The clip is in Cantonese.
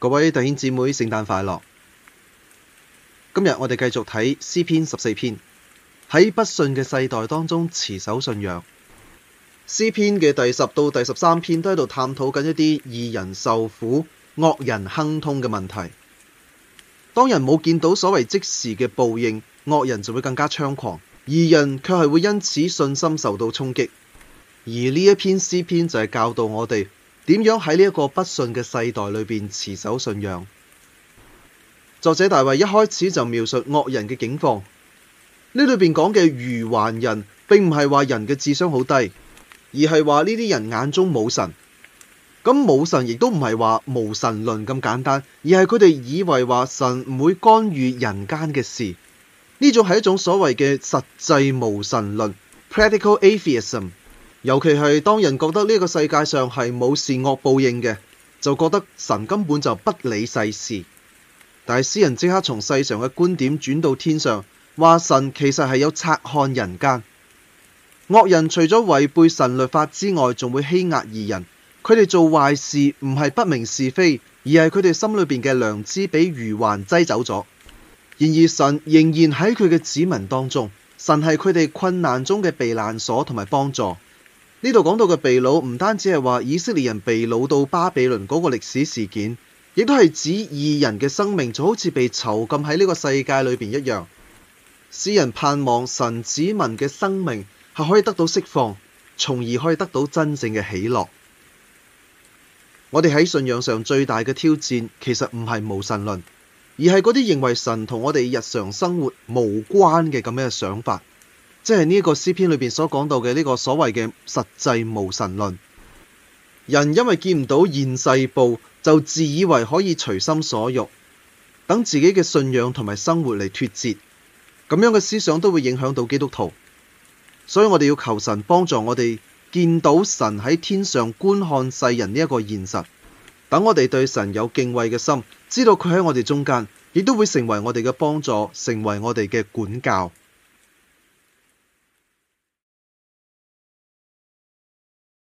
各位弟兄姊妹，聖誕快樂！今日我哋繼續睇詩篇十四篇，喺不信嘅世代當中，持守信仰。詩篇嘅第十到第十三篇都喺度探討緊一啲義人受苦、惡人亨通嘅問題。當人冇見到所謂即時嘅報應，惡人就會更加猖狂，義人卻係會因此信心受到衝擊。而呢一篇詩篇就係教導我哋。點樣喺呢一個不信嘅世代裏邊持守信仰？作者大衛一開始就描述惡人嘅境況，呢裏邊講嘅愚頑人，並唔係話人嘅智商好低，而係話呢啲人眼中冇神。咁冇神亦都唔係話無神論咁簡單，而係佢哋以為話神唔會干預人間嘅事。呢種係一種所謂嘅實際無神論 （practical atheism）。Pract 尤其係當人覺得呢個世界上係冇善惡報應嘅，就覺得神根本就不理世事。但係詩人即刻從世上嘅觀點轉到天上，話神其實係有察看人間。惡人除咗違背神律法之外，仲會欺壓義人。佢哋做壞事唔係不明是非，而係佢哋心裏邊嘅良知俾愚頑擠走咗。然而神仍然喺佢嘅子民當中，神係佢哋困難中嘅避難所同埋幫助。呢度講到嘅被擄，唔單止係話以色列人被擄到巴比倫嗰個歷史事件，亦都係指義人嘅生命，就好似被囚禁喺呢個世界裏邊一樣，詩人盼望神子民嘅生命係可以得到釋放，從而可以得到真正嘅喜樂。我哋喺信仰上最大嘅挑戰，其實唔係無神論，而係嗰啲認為神同我哋日常生活無關嘅咁樣嘅想法。即係呢一個詩篇裏面所講到嘅呢個所謂嘅實際無神論，人因為見唔到現世報，就自以為可以隨心所欲，等自己嘅信仰同埋生活嚟脫節，咁樣嘅思想都會影響到基督徒。所以我哋要求神幫助我哋見到神喺天上觀看世人呢一個現實，等我哋對神有敬畏嘅心，知道佢喺我哋中間，亦都會成為我哋嘅幫助，成為我哋嘅管教。